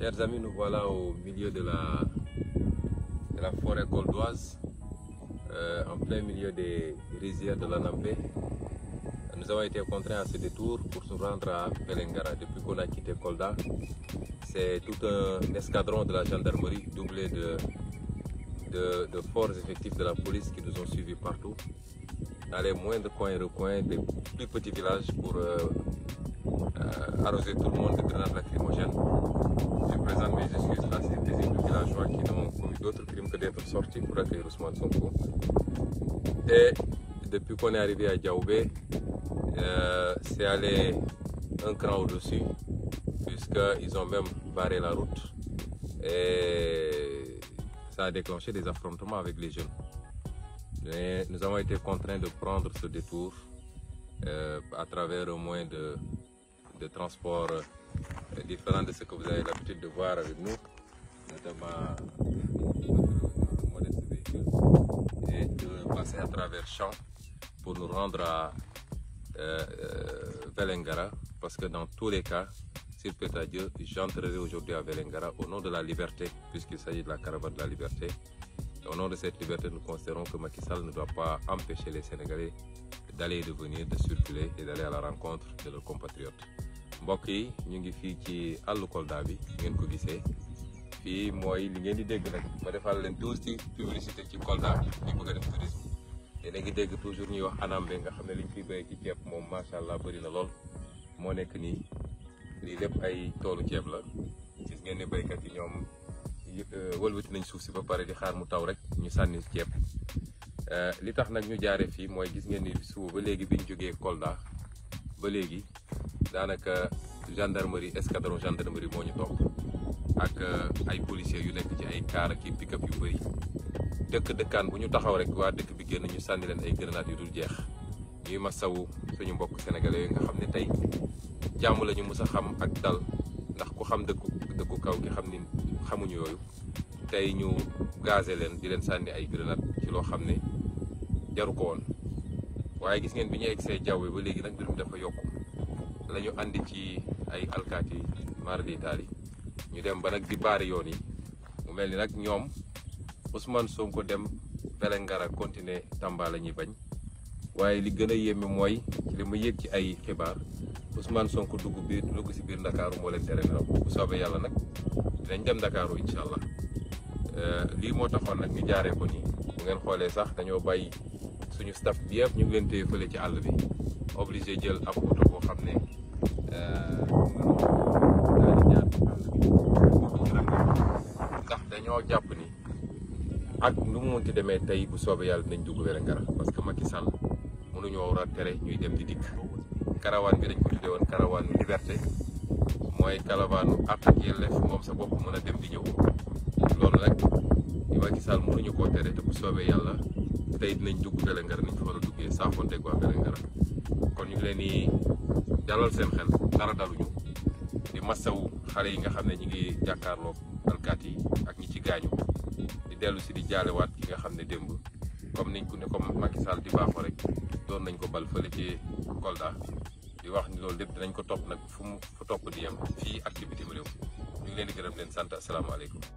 Chers amis, nous voilà au milieu de la, la forêt coldoise, euh, en plein milieu des rizières de la napé Nous avons été contraints à ce détour pour se rendre à Pelengara depuis qu'on a quitté Kolda. C'est tout un escadron de la gendarmerie doublé de, de, de, forts effectifs de la police qui nous ont suivis partout, dans les moindres coins et recoins des plus petits villages pour euh, euh, arroser tout le monde de grenades lacrymogènes. Je présente mes excuses à ces de villageois qui n'ont commis d'autres crimes que d'être sortis pour accueillir Ousmane Sonko. Et depuis qu'on est arrivé à Diaoubé, euh, c'est allé un cran au-dessus, puisqu'ils ont même barré la route et ça a déclenché des affrontements avec les jeunes. nous avons été contraints de prendre ce détour euh, à travers au moins de de transport euh, différent de ce que vous avez l'habitude de voir avec nous, notamment euh, modeste véhicule, et de passer à travers champs pour nous rendre à euh, Velengara, parce que dans tous les cas, s'il peut à Dieu, j'entrerai aujourd'hui à Velengara au nom de la liberté, puisqu'il s'agit de la caravane de la liberté. au nom de cette liberté, nous considérons que Macky Sall ne doit pas empêcher les Sénégalais d'aller et de venir, de circuler et d'aller à la rencontre de leurs compatriotes. mbokk yi ñu ngi fii ci àllu Kolda bi ngeen ko gisee fii mooy li ngeen di dégg nag ma defal leen tuuti publicité ci Kolda bi ñu bëgg a def tourisme te da ngi dégg toujours ñuy wax anam bi nga xam ne liñ fiy béy ci ceeb moom macha allah bëri na lool moo nekk nii lii lépp ay toolu ceeb la gis ngeen ne béykat yi ñoom euh, wëlbati nañ suuf si ba pare di xaar mu taw rek ñu sànni ceeb euh, li tax nag ñu jaaree fii mooy gis ngeen ni suba ba léegi biñ jógee Kolda ba léegi. danaka gendarmerie escadron gendarmerie moñu ñu ak ay policiers yu nek ci ay car ak pick-up yu bari dekk dëkkaan bu ñu taxaw rek wa dekk bi génn ñu sandi len ay grenade yu dul jeex ñuy masawu suñu mbokk sénégalais yi nga xam tay jamm lañu mësa xam ak dal ndax ku xam dekk dekk kaw gi xamni xamuñu yoyu tay ñu gazer len di len sandi ay grenade ci lo xam jaru ko won waye gis ngeen biñu exé ba légui nak dafa yokku lañu andi ci ay alkati mardi tali ñu dem ba nak di bar yoni. mu melni nak ñom Ousmane Sonko dem Belengara continuer Tamba la bañ waye li gëna a moy ci li ma yëg ci ay xibar Ousmane Sonko dugg bi dugg ci bir Dakar mo leen téré na bu soobee Yalla nak dinañ dem inshallah euh li mo taxon nak ñu jaaré ko ni bu ngeen xolé sax dañoo bayyi suñu staff bi yëpp ñu ngi leen téye feulé ci àll bi obligé jël ap xamné daal dañoo jàpp ni ak nu mu munti demee tey bu soobee yàlla dinañ dugg wér ngara parce que Macky Sall mënuñoo war a tere ñuy dem di dikk karawaan bi dañ ko tuddee woon karawaanu liberté mooy karawaanu àq ak moom sa bopp mën a dem di ñëw loolu nag Macky Sall mënuñu koo tere te bu soobee yàlla tey dinañ dugg Vélingara nañ fa war a duggee saafonteeg waa Vélingara kon ñu ngi leen di dalal seen xel dara daluñu di masawu xale yi nga xam ne ñu ngi jàkkaarloog alkaat yi ak ñi ci gaañu di dellu si di waat ki nga xam ne démb comme niñ ku ne comme Macky Sall di baaxoo rek doon nañ ko bal fële ci Kolda di wax ni loolu lépp dinañ ko topp nag fu mu fu topp di yem fii ak ci bitim ñu ngi leen di leen sant asalaamaaleykum.